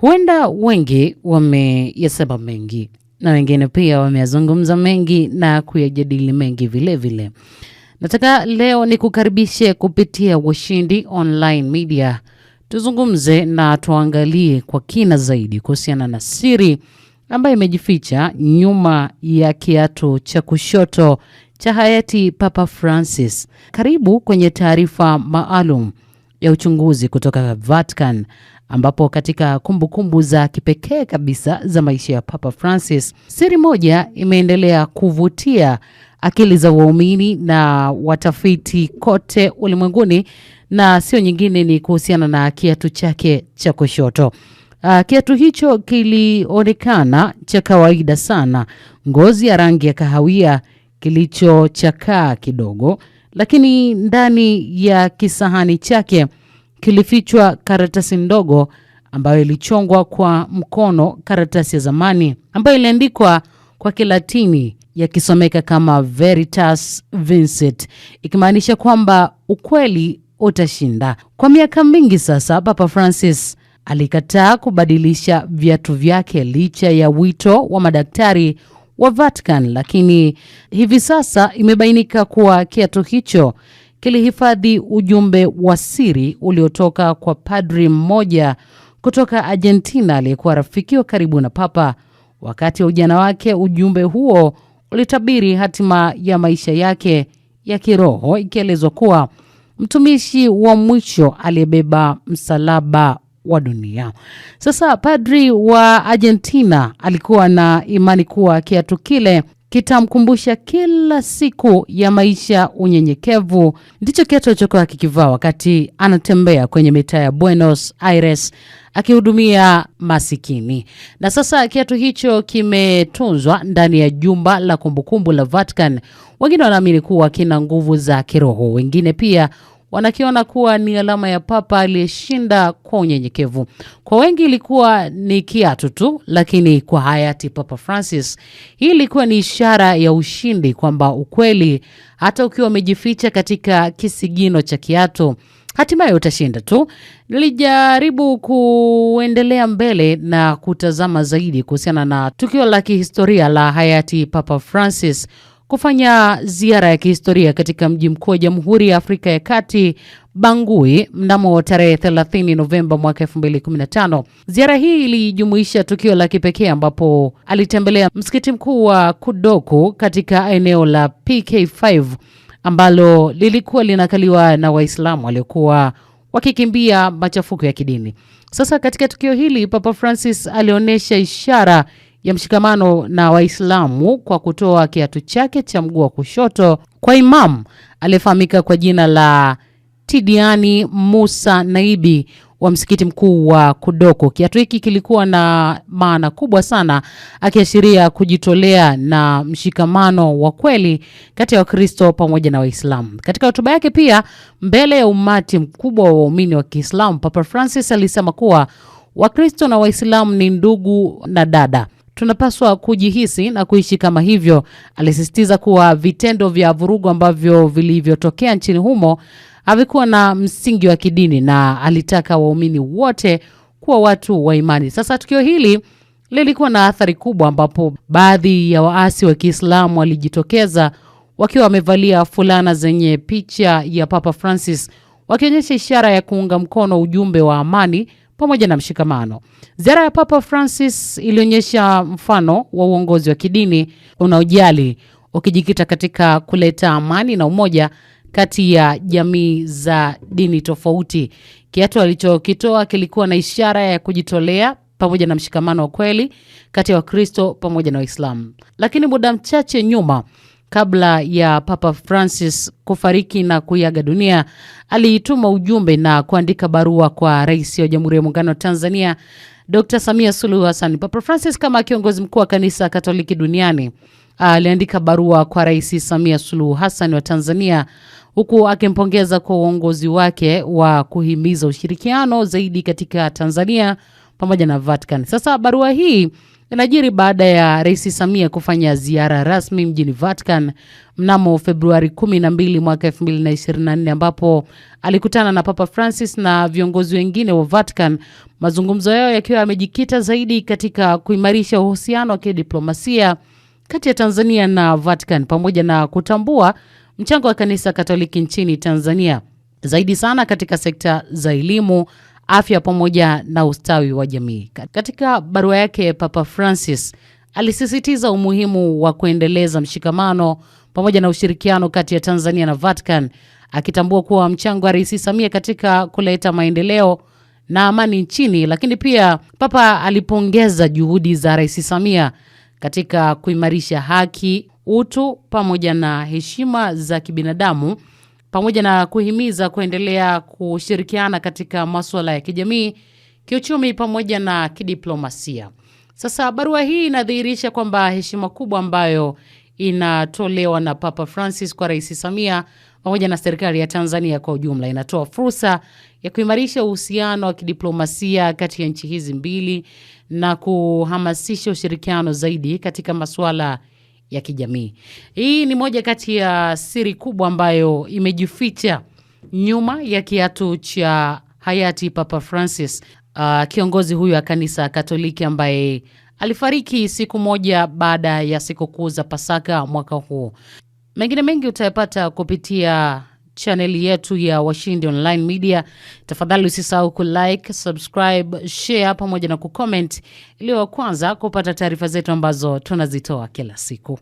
Huenda wengi wameyasema mengi na wengine pia wameyazungumza mengi na kuyajadili mengi vilevile vile. Nataka leo ni kukaribishe kupitia Washindi Online Media, tuzungumze na tuangalie kwa kina zaidi kuhusiana na siri ambayo imejificha nyuma ya kiatu cha kushoto cha hayati Papa Francis. Karibu kwenye taarifa maalum ya uchunguzi kutoka Vatican ambapo katika kumbukumbu kumbu za kipekee kabisa za maisha ya Papa Francis, siri moja imeendelea kuvutia akili za waumini na watafiti kote ulimwenguni, na sio nyingine ni kuhusiana na kiatu chake cha kushoto. Uh, kiatu hicho kilionekana cha kawaida sana, ngozi ya rangi ya kahawia, kilichochakaa kidogo, lakini ndani ya kisahani chake kilifichwa karatasi ndogo ambayo ilichongwa kwa mkono, karatasi ya zamani ambayo iliandikwa kwa Kilatini yakisomeka kama Veritas Vincit, ikimaanisha kwamba ukweli utashinda. Kwa miaka mingi sasa, Papa Francis alikataa kubadilisha viatu vyake licha ya wito wa madaktari wa Vatican, lakini hivi sasa imebainika kuwa kiatu hicho kilihifadhi ujumbe wa siri uliotoka kwa padri mmoja kutoka Argentina aliyekuwa rafiki wa karibu na Papa. Wakati wa ujana wake, ujumbe huo ulitabiri hatima ya maisha yake ya kiroho, ikielezwa kuwa mtumishi wa mwisho aliyebeba msalaba wa dunia. Sasa padri wa Argentina alikuwa na imani kuwa kiatu kile kitamkumbusha kila siku ya maisha unyenyekevu. Ndicho kiatu alichokuwa kikivaa wakati anatembea kwenye mitaa ya Buenos Aires akihudumia masikini. Na sasa kiatu hicho kimetunzwa ndani ya jumba la kumbukumbu la Vatican. Wengine wanaamini kuwa kina nguvu za kiroho, wengine pia wanakiona kuwa ni alama ya papa aliyeshinda kwa unyenyekevu. Kwa wengi ilikuwa ni kiatu tu, lakini kwa hayati Papa Francis hii ilikuwa ni ishara ya ushindi, kwamba ukweli, hata ukiwa umejificha katika kisigino cha kiatu, hatimaye utashinda tu. Nilijaribu kuendelea mbele na kutazama zaidi kuhusiana na tukio la kihistoria la hayati Papa Francis kufanya ziara ya kihistoria katika mji mkuu wa Jamhuri ya Afrika ya Kati Bangui mnamo tarehe 30 Novemba mwaka 2015. Ziara hii ilijumuisha tukio la kipekee ambapo alitembelea msikiti mkuu wa Kudoku katika eneo la PK5 ambalo lilikuwa linakaliwa na Waislamu waliokuwa wakikimbia machafuko ya kidini. Sasa katika tukio hili Papa Francis alionyesha ishara ya mshikamano na Waislamu kwa kutoa kiatu chake cha mguu wa kushoto kwa imam aliyefahamika kwa jina la Tidiani Musa Naibi wa msikiti mkuu wa Kudoko. Kiatu hiki kilikuwa na maana kubwa sana, akiashiria kujitolea na mshikamano wa kweli kati ya Wakristo pamoja na Waislamu. Katika hotuba yake pia mbele ya umati mkubwa wa waumini wa Kiislamu, Papa Francis alisema kuwa Wakristo na Waislamu ni ndugu na dada tunapaswa kujihisi na kuishi kama hivyo. Alisisitiza kuwa vitendo vya vurugu ambavyo vilivyotokea nchini humo havikuwa na msingi wa kidini na alitaka waumini wote kuwa watu wa imani. Sasa tukio hili lilikuwa na athari kubwa, ambapo baadhi ya waasi wa Kiislamu walijitokeza wakiwa wamevalia fulana zenye picha ya Papa Francis wakionyesha ishara ya kuunga mkono ujumbe wa amani pamoja na mshikamano. Ziara ya Papa Francis ilionyesha mfano wa uongozi wa kidini unaojali, ukijikita katika kuleta amani na umoja kati ya jamii za dini tofauti. kiatu alichokitoa kilikuwa na ishara ya kujitolea pamoja na mshikamano wa kweli kati ya Wakristo pamoja na Waislamu. Lakini muda mchache nyuma kabla ya Papa Francis kufariki na kuiaga dunia, aliituma ujumbe na kuandika barua kwa Rais wa Jamhuri ya Muungano wa Tanzania Dr. Samia Suluhu Hassan. Papa Francis kama kiongozi mkuu wa kanisa Katoliki duniani aliandika barua kwa Rais Samia Suluhu Hassan wa Tanzania huku akimpongeza kwa uongozi wake wa kuhimiza ushirikiano zaidi katika Tanzania pamoja na Vatican. Sasa barua hii inajiri baada ya Rais Samia kufanya ziara rasmi mjini Vatican mnamo Februari 12 mwaka 2024 ambapo alikutana na Papa Francis na viongozi wengine wa Vatican, mazungumzo yao yakiwa yamejikita zaidi katika kuimarisha uhusiano wa kidiplomasia kati ya Tanzania na Vatican pamoja na kutambua mchango wa Kanisa Katoliki nchini Tanzania zaidi sana katika sekta za elimu, afya pamoja na ustawi wa jamii. Katika barua yake, Papa Francis alisisitiza umuhimu wa kuendeleza mshikamano pamoja na ushirikiano kati ya Tanzania na Vatican, akitambua kuwa mchango wa Rais Samia katika kuleta maendeleo na amani nchini. Lakini pia Papa alipongeza juhudi za Rais Samia katika kuimarisha haki, utu pamoja na heshima za kibinadamu pamoja na kuhimiza kuendelea kushirikiana katika masuala ya kijamii, kiuchumi pamoja na kidiplomasia. Sasa barua hii inadhihirisha kwamba heshima kubwa ambayo inatolewa na Papa Francis kwa Rais Samia pamoja na serikali ya Tanzania kwa ujumla inatoa fursa ya kuimarisha uhusiano wa kidiplomasia kati ya nchi hizi mbili na kuhamasisha ushirikiano zaidi katika masuala ya kijamii. Hii ni moja kati ya siri kubwa ambayo imejificha nyuma ya kiatu cha hayati Papa Francis, uh, kiongozi huyu wa kanisa Katoliki ambaye alifariki siku moja baada ya sikukuu za Pasaka mwaka huu. Mengine mengi utayapata kupitia chaneli yetu ya Washindi Online Media. Tafadhali usisahau kulike, subscribe, share pamoja na kucomment ili wa kwanza kupata taarifa zetu ambazo tunazitoa kila siku.